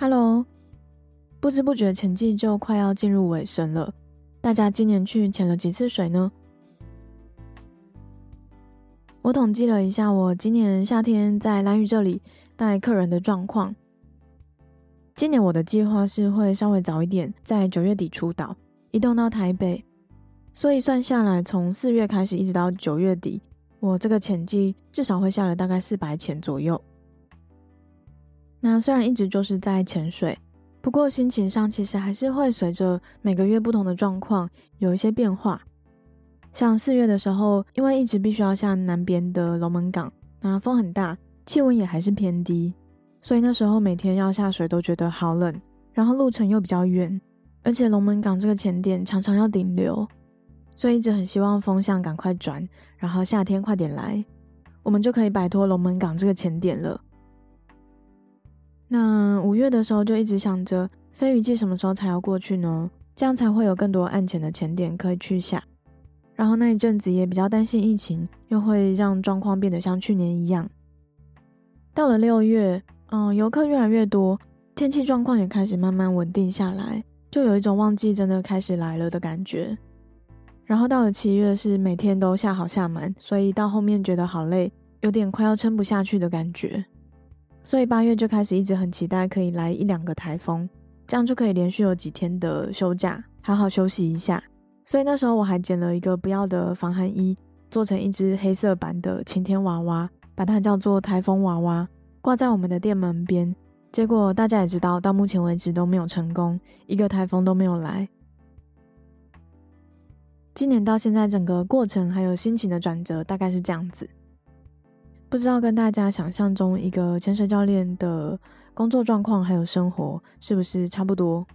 哈嘍，不知不覺潛季就快要進入尾聲了。大家今年去潛了幾次水呢？我統計了一下，我今年夏天在蘭嶼這裡帶客人的狀況。今年我的計劃是會稍微早一點，在九月底出島，移動到台北。所以算下來，從四月開始一直到九月底，我這個潛季至少會下了大概四百潛左右。那雖然一直就是在潛水，不過心情上其實還是會隨着每個月不同的狀況有一些變化。像四月的時候，因為一直必須要下南邊的龍門港，那風很大，氣溫也還是偏低，所以那時候每天要下水都覺得好冷。然後路程又比較遠，而且龍門港這個潛點常常要頂流，所以一直很希望風向趕快轉，然後夏天快點來，我們就可以擺脫龍門港這個潛點了。那五月的時候就一直想着飛魚季什麼時候才要過去呢？這樣才會有更多岸潛的潛點可以去下。然後那一陣子也比較擔心疫情，又會讓狀況變得像去年一樣。到了六月，嗯、呃，游客越來越多，天氣狀況也開始慢慢穩定下來，就有一種旺季真的開始來了的感覺。然後到了七月是每天都下好下滿，所以到後面覺得好累，有點快要撐不下去的感覺。所以八月就開始一直很期待，可以來一兩個颱風，這樣就可以連續有幾天的休假，好好休息一下。所以那時候我還剪了一個不要的防寒衣，做成一隻黑色版的晴天娃娃，把它叫做颱風娃娃，掛在我們的店門邊。結果大家也知道，到目前為止都沒有成功，一個颱風都沒有來。今年到現在整個過程還有心情的轉折，大概是這樣子。不知道跟大家想象中一個潛水教練的工作狀況還有生活是不是差不多？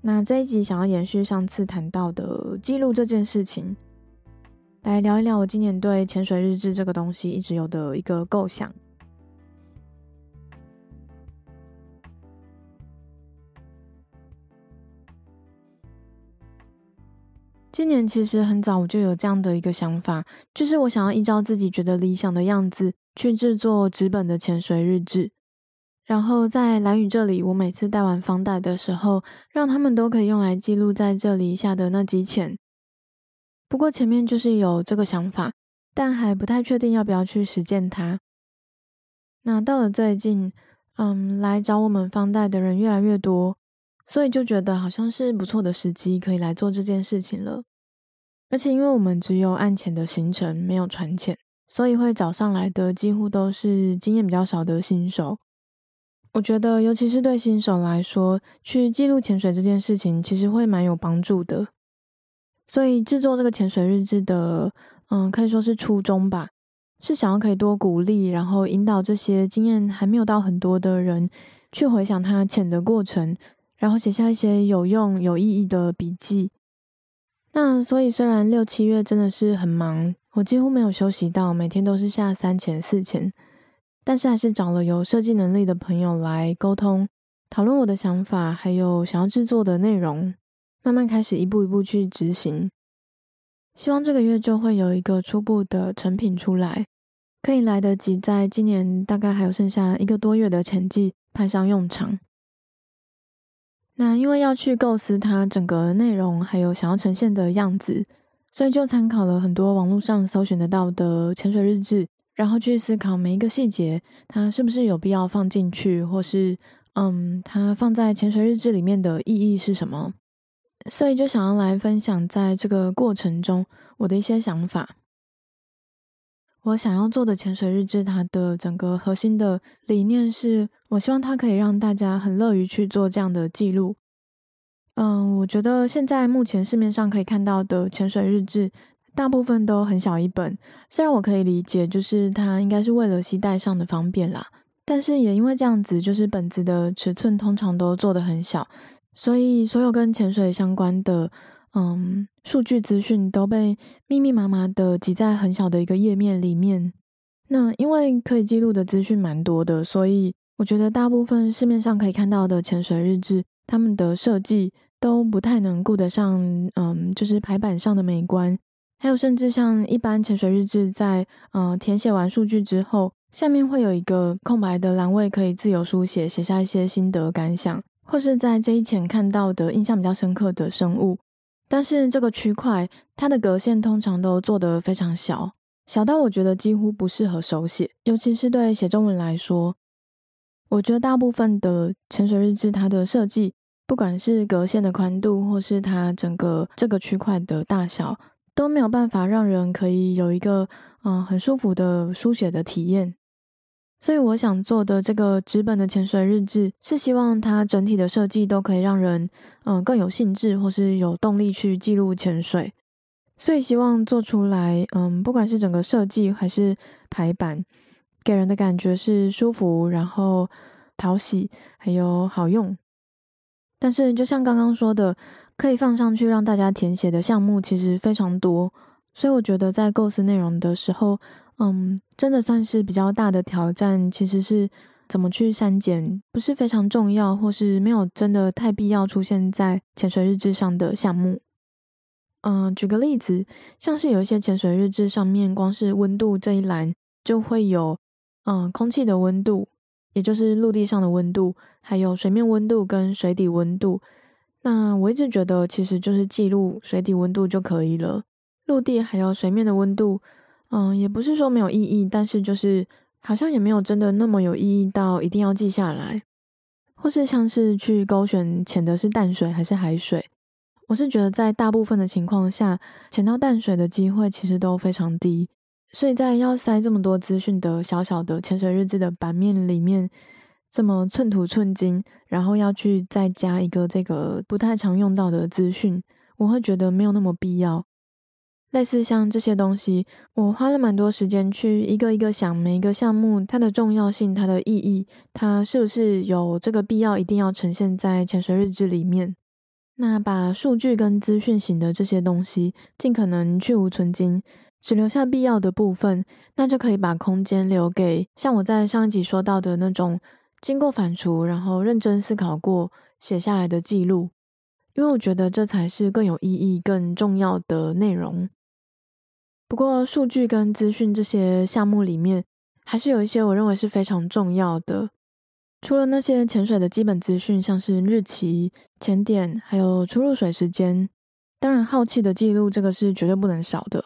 那這一集想要延續上次談到的記錄這件事情，來聊一聊我今年對潛水日誌這個東西一直有的一個構想。今年其實很早我就有這樣的一個想法，就是我想要依照自己覺得理想的樣子去制作紙本的潛水日誌。然後在蘭嶼這裡，我每次帶完 fun dive 的時候，讓他們都可以用來記錄在這裡下的那幾潛。不過前面就是有這個想法，但還不太確定要不要去實踐它。那到了最近，嗯，來找我們 fun dive 的人越來越多。所以就覺得好像是不錯的時機，可以來做這件事情了。而且因為我們只有岸潛的行程，沒有船潛，所以會找上來的幾乎都是經驗比較少的新手。我覺得，尤其是對新手來說，去記錄潛水這件事情，其實會蠻有幫助的。所以制作這個潛水日誌的，嗯，可以說是初衷吧，是想要可以多鼓勵，然後引導這些經驗還沒有到很多的人，去回想他潛的過程。然後寫下一些有用、有意義的筆記。那所以，雖然六七月真的是很忙，我幾乎沒有休息到，每天都是下三潛、四潛，但是還是找了有設計能力的朋友來溝通、討論我的想法，還有想要制作的內容，慢慢開始一步一步去執行。希望這個月就會有一個初步的成品出來，可以來得及在今年大概還有剩下一個多月的潛季派上用場。那因為要去構思它整個內容，還有想要呈現的樣子，所以就參考了很多網絡上搜尋得到的潛水日誌，然後去思考每一個細節，它是不是有必要放進去，或是嗯，它放在潛水日誌裡面的意義是什麼？所以就想要來分享在這個過程中我的一些想法。我想要做的潛水日誌，它的整個核心的理念是，我希望它可以讓大家很樂於去做這樣的記錄。嗯，我覺得現在目前市面上可以看到的潛水日誌，大部分都很小一本。雖然我可以理解，就是它應該是為了攜帶上的方便啦，但是也因為這樣子，就是本子的尺寸通常都做得很小，所以所有跟潛水相關的。嗯，數據資訊都被密密麻麻的擠在很小的一個頁面裡面。那因為可以記錄的資訊蠻多的，所以我覺得大部分市面上可以看到的潛水日誌，他們的設計都不太能顧得上，嗯，就是排版上的美觀。還有甚至像一般潛水日誌，在、嗯、呃填寫完數據之後，下面會有一個空白的欄位可以自由書寫，寫下一些心得感想，或是在這一潛看到的印象比較深刻的生物。但是這個區塊，它的格線通常都做得非常小，小到我覺得幾乎不適合手寫，尤其是對寫中文來說。我覺得大部分的潛水日誌，它的設計，不管是格線的寬度，或是它整個這個區塊的大小，都沒有辦法讓人可以有一個嗯、呃、很舒服的書寫的體驗。所以我想做的這個紙本的潛水日誌，是希望它整體的設計都可以讓人，嗯，更有興致或是有動力去記錄潛水。所以希望做出來，嗯，不管是整個設計還是排版，給人的感覺是舒服，然後討喜，還有好用。但是就像剛剛說的，可以放上去讓大家填寫的項目其實非常多，所以我覺得在構思內容的時候，嗯，真的算是比較大的挑戰，其實是怎麼去刪減不是非常重要，或是沒有真的太必要出現在潛水日誌上的項目。嗯，舉個例子，像是有一些潛水日誌上面，光是溫度這一欄就會有，嗯，空氣的溫度，也就是陸地上的溫度，還有水面溫度跟水底溫度。那我一直覺得，其實就是記錄水底溫度就可以了，陸地還有水面的溫度，嗯，也不是說沒有意義，但是就是好像也沒有真的那麼有意義到一定要記下來，或是像是去勾選潛的是淡水還是海水。我是覺得在大部分的情況下，潛到淡水的機會其實都非常低，所以在要塞這麼多資訊的小小的潛水日誌的版面裡面，這麼寸土寸金，然後要去再加一個這個不太常用到的資訊，我會覺得沒有那麼必要。類似像這些東西，我花了蠻多時間去一個一個想每一個項目它的重要性、它的意義，它是不是有這個必要一定要呈現在潛水日誌裡面。那把數據跟資訊型的這些東西盡可能去蕪存菁，只留下必要的部分，那就可以把空間留給像我在上一集說到的那種經過反芻，然後認真思考過寫下來的記錄，因為我覺得這才是更有意義、更重要的內容。不過，數據跟資訊這些項目裡面，還是有一些我認為是非常重要的。除了那些潛水的基本資訊，像是日期、潛點，還有出入水時間，當然耗氣的記錄這個是絕對不能少的。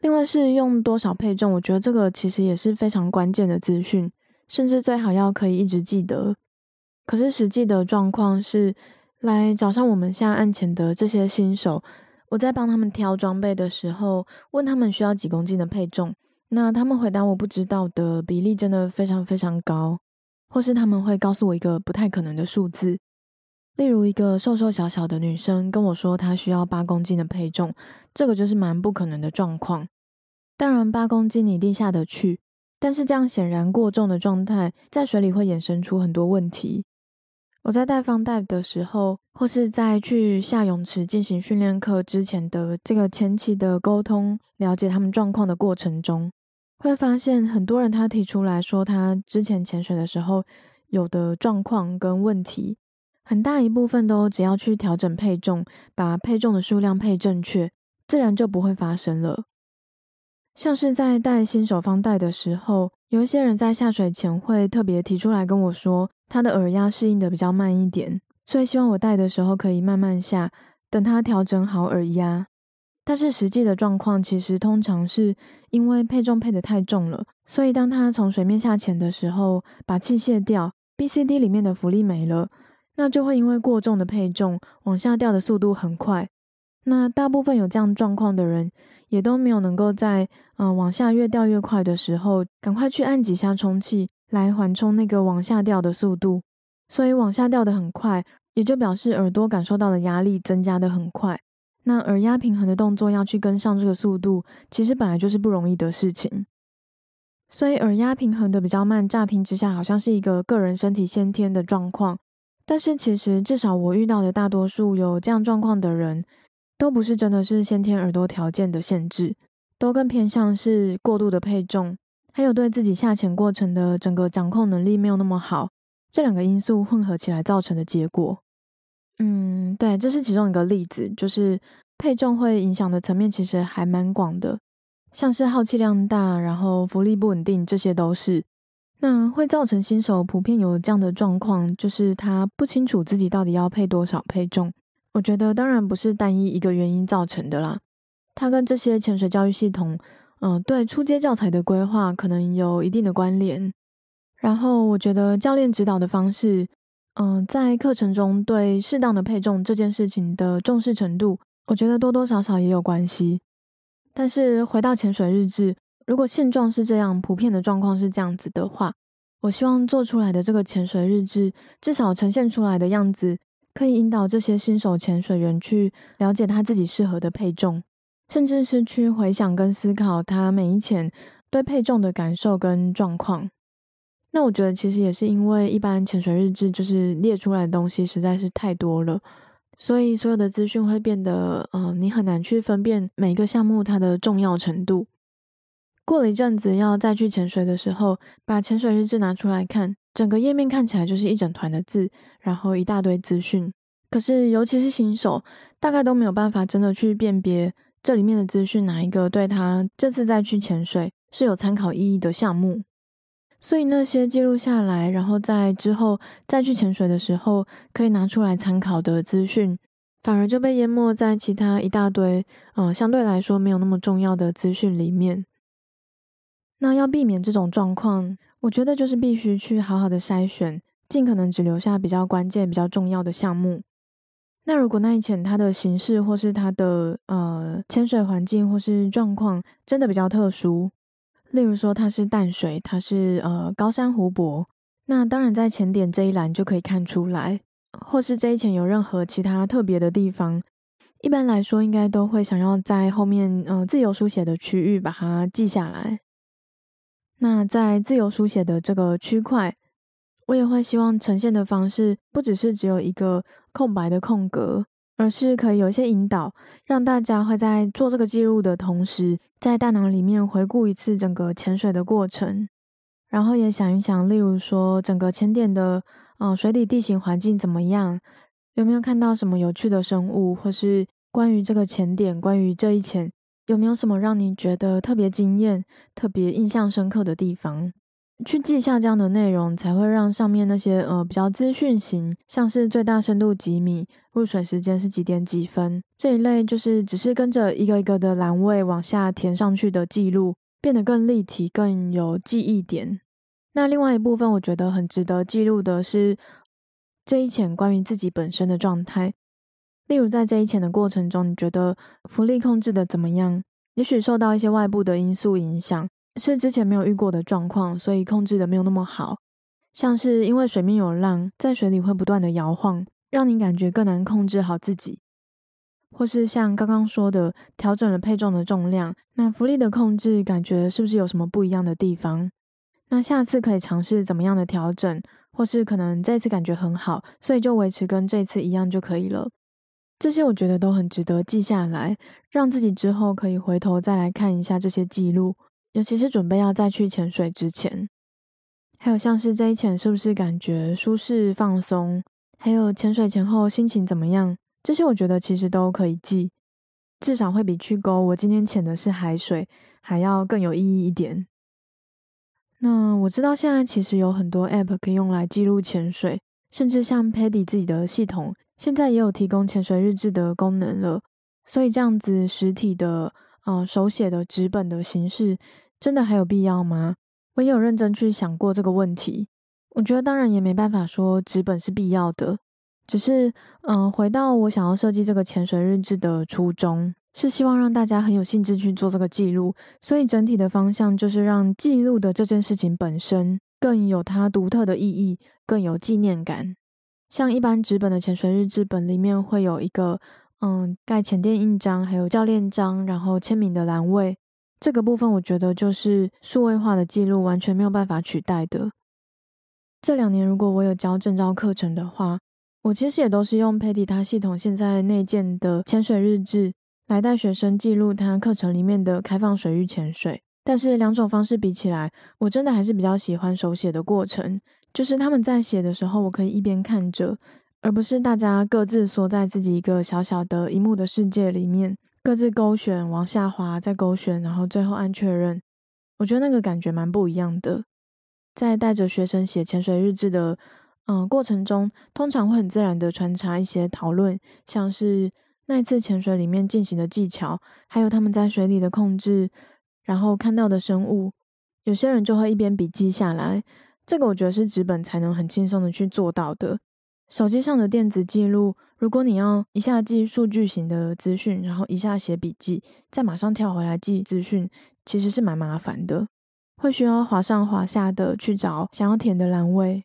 另外是用多少配重，我覺得這個其實也是非常關鍵的資訊，甚至最好要可以一直記得。可是實際的狀況是，來找上我們現在岸潛的這些新手。我在幫他們挑裝備的時候，問他們需要幾公斤的配重，那他們回答我不知道的比例真的非常非常高，或是他們會告訴我一個不太可能的數字，例如一個瘦瘦小小的女生跟我說她需要八公斤的配重，這個就是蠻不可能的狀況。當然八公斤你一定下得去，但是這樣顯然過重的狀態在水裡會衍生出很多問題。我在帶 fun dive 的時候，或是在去下泳池進行訓練課之前的這個前期的溝通、了解他們狀況的過程中，會發現很多人他提出來說，他之前潛水的時候有的狀況跟問題，很大一部分都只要去調整配重，把配重的數量配正確，自然就不會發生了。像是在帶新手 fun dive 的時候，有一些人在下水前會特別提出來跟我說。它的耳壓適應的比較慢一點，所以希望我戴的時候可以慢慢下，等它調整好耳壓。但是實際的狀況其實通常是因為配重配得太重了，所以當它從水面下潛的時候，把氣卸掉，BCD 裡面的浮力沒了，那就會因為過重的配重往下掉的速度很快。那大部分有這樣狀況的人也都沒有能夠在嗯、呃、往下越掉越快的時候，趕快去按幾下充氣。來緩衝那個往下掉的速度，所以往下掉得很快，也就表示耳朵感受到的壓力增加得很快。那耳壓平衡的動作要去跟上這個速度，其實本來就是不容易的事情，所以耳壓平衡的比較慢。乍聽之下好像是一個個人身體先天的狀況，但是其實至少我遇到的大多數有這樣狀況的人，都不是真的是先天耳朵條件的限制，都更偏向是過度的配重。還有對自己下潛過程的整個掌控能力沒有那麼好，這兩個因素混合起來造成的結果。嗯，對，這是其中一個例子，就是配重會影響的層面其實還蠻廣的，像是耗氣量大，然後浮力不穩定，這些都是。那會造成新手普遍有這樣的狀況，就是他不清楚自己到底要配多少配重。我覺得當然不是單一一個原因造成的啦，他跟這些潛水教育系統。嗯、呃，對初階教材的規劃可能有一定的關聯，然後我覺得教練指導的方式，嗯、呃，在課程中對適當的配重這件事情的重視程度，我覺得多多少少也有關係。但是回到潛水日誌，如果現狀是這樣，普遍的狀況是這樣子的話，我希望做出來的這個潛水日誌，至少呈現出來的樣子，可以引導這些新手潛水員去了解他自己適合的配重。甚至是去回想跟思考他每一潛對配重的感受跟狀況，那我覺得其實也是因為一般潛水日誌就是列出來的東西實在是太多了，所以所有的資訊會變得，嗯、呃，你很難去分辨每一個項目它的重要程度。過了一陣子要再去潛水的時候，把潛水日誌拿出來看，整個頁面看起來就是一整團的字，然後一大堆資訊。可是尤其是新手，大概都沒有辦法真的去辨別。這裡面的資訊哪一個對他這次再去潛水是有參考意義的項目？所以那些記錄下來，然後在之後再去潛水的時候可以拿出來參考的資訊，反而就被淹沒在其他一大堆嗯、呃、相對來說沒有那麼重要的資訊裡面。那要避免這種狀況，我覺得就是必須去好好的篩選，盡可能只留下比較關鍵、比較重要的項目。那如果那一潛它的形式或是它的呃潛水環境或是狀況真的比較特殊，例如說它是淡水，它是呃高山湖泊，那當然在潛點這一欄就可以看出來，或是這一潛有任何其他特別的地方，一般來說應該都會想要在後面呃自由書寫的區域把它記下來。那在自由書寫的這個區塊。我也會希望呈現的方式不只是只有一個空白的空格，而是可以有一些引導，讓大家會在做這個記錄的同時，在大腦裡面回顧一次整個潛水的過程，然後也想一想，例如說整個潛點的，呃，水底地形環境怎麼樣，有沒有看到什麼有趣的生物，或是關於這個潛點，關於這一潛，有沒有什麼讓你覺得特別驚豔、特別印象深刻的地方？去記下這樣的內容，才會讓上面那些呃比較資訊型，像是最大深度幾米、入水時間是幾點幾分這一類，就是只是跟着一個一個的欄位往下填上去的記錄，變得更立體、更有記憶點。那另外一部分我覺得很值得記錄的是這一潛關於自己本身的狀態，例如在這一潛的過程中，你覺得浮力控制的怎麼樣？也許受到一些外部的因素影響。是之前沒有遇過的狀況，所以控制的沒有那麼好。像是因為水面有浪，在水裡會不斷的搖晃，讓你感覺更難控制好自己。或是像剛剛說的，調整了配重的重量，那浮力的控制感覺是不是有什麼不一樣的地方？那下次可以嘗試怎麼樣的調整，或是可能這次感覺很好，所以就維持跟這次一樣就可以了。這些我覺得都很值得記下來，讓自己之後可以回頭再來看一下這些記錄。尤其是準備要再去潛水之前，還有像是這一潛是不是感覺舒適放鬆，還有潛水前後心情怎麼樣，這些我覺得其實都可以記，至少會比去勾我今天潛的是海水還要更有意義一點。那我知道現在其實有很多 App 可以用來記錄潛水，甚至像 PADI 自己的系統現在也有提供潛水日誌的功能了，所以這樣子實體的嗯、呃、手寫的紙本的形式，真的還有必要嗎？我也有認真去想過這個問題。我覺得當然也沒辦法說紙本是必要的，只是嗯、呃，回到我想要設計這個潛水日誌的初衷，是希望讓大家很有興致去做這個記錄。所以整體的方向就是讓記錄的這件事情本身更有它獨特的意義，更有紀念感。像一般紙本的潛水日誌本裡面會有一個嗯、呃、蓋潛店印章，還有教練章，然後簽名的欄位。這個部分我覺得就是數位化的記錄完全沒有辦法取代的。這兩年如果我有教證照課程的話，我其實也都是用 PADI 它系統現在內建的潛水日誌來帶學生記錄他課程裡面的開放水域潛水。但是兩種方式比起來，我真的還是比較喜歡手寫的過程，就是他們在寫的時候，我可以一邊看着，而不是大家各自縮在自己一個小小的螢幕的世界裡面。各自勾選，往下滑，再勾選，然後最後按確認。我覺得那個感覺蠻不一樣的。在帶着學生寫潛水日志的嗯、呃、過程中，通常會很自然的穿插一些討論，像是那一次潛水裡面進行的技巧，還有他們在水裡的控制，然後看到的生物。有些人就會一邊筆記下來，這個我覺得是紙本才能很輕鬆的去做到的。手機上的電子記錄。如果你要一下記數據型的資訊，然後一下寫筆記，再馬上跳回來記資訊，其實是蠻麻煩的，會需要滑上滑下的去找想要填的欄位。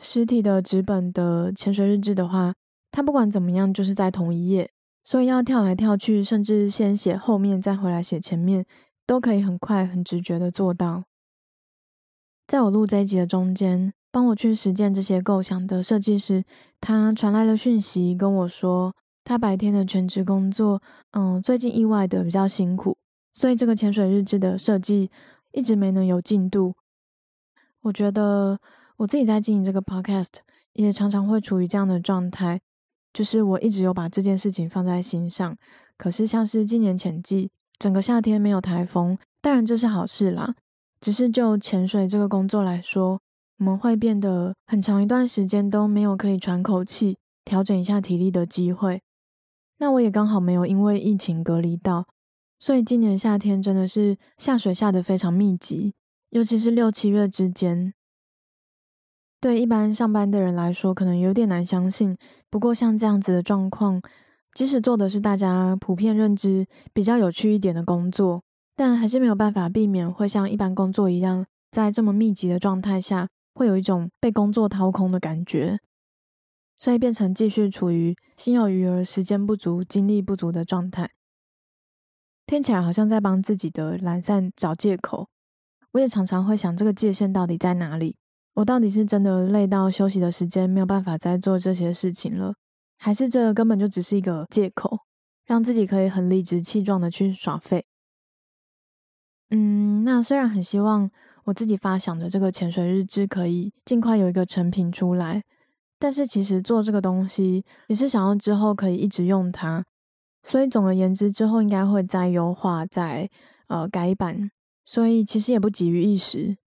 實體的紙本的潛水日誌的話，它不管怎麼樣就是在同一頁，所以要跳來跳去，甚至先寫後面再回來寫前面，都可以很快很直覺的做到。在我錄這一集的中間，幫我去實踐這些構想的設計師。他傳來了訊息，跟我說他白天的全職工作，嗯，最近意外的比較辛苦，所以這個潛水日誌的設計一直沒能有進度。我覺得我自己在經營這個 podcast，也常常會處於這樣的狀態，就是我一直有把這件事情放在心上，可是像是今年潛季，整個夏天沒有台風，當然這是好事啦，只是就潛水這個工作來說。我們會變得很長一段時間都沒有可以喘口氣、調整一下體力的機會。那我也剛好沒有因為疫情隔離到，所以今年夏天真的是下水下得非常密集，尤其是六七月之間。對一般上班的人來說，可能有點難相信。不過像這樣子的狀況，即使做的是大家普遍認知比較有趣一點的工作，但還是沒有辦法避免會像一般工作一樣，在這麼密集的狀態下。會有一種被工作掏空的感覺，所以變成繼續處於心有餘而時間不足、精力不足的狀態。聽起來好像在幫自己的懶散找借口。我也常常會想，這個界限到底在哪裡？我到底是真的累到休息的時間沒有辦法再做這些事情了，還是這根本就只是一個借口，讓自己可以很理直氣壯的去耍廢？嗯，那雖然很希望，我自己發想的這個潛水日誌可以盡快有一個成品出來，但是其實做這個東西也是想要之後可以一直用它，所以總而言之之後應該會再優化再呃改版，所以其實也不急於一時。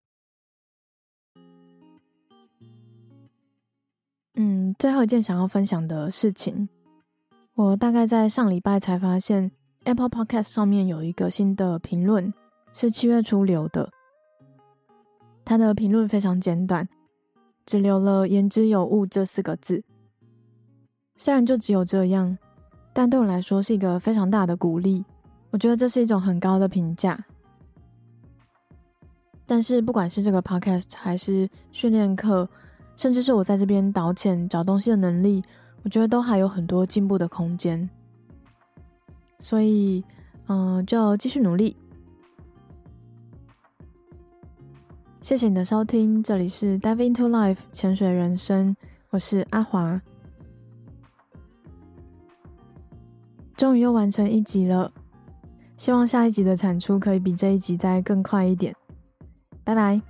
嗯，最後一件想要分享的事情，我大概在上禮拜才發現 Apple Podcast 上面有一個新的評論，是七月初留的。他的評論非常簡短，只留了“言之有物”這四個字。雖然就只有這樣，但對我來說是一個非常大的鼓勵。我覺得這是一種很高的評價。但是，不管是這個 podcast，還是訓練課，甚至是我在這邊導潛找東西的能力，我覺得都還有很多進步的空間。所以，嗯，就繼續努力。謝謝你的收聽，這裡是 Dive into Life 潛水人生，我是阿華。終於又完成一集了，希望下一集的產出可以比這一集再更快一點。拜拜。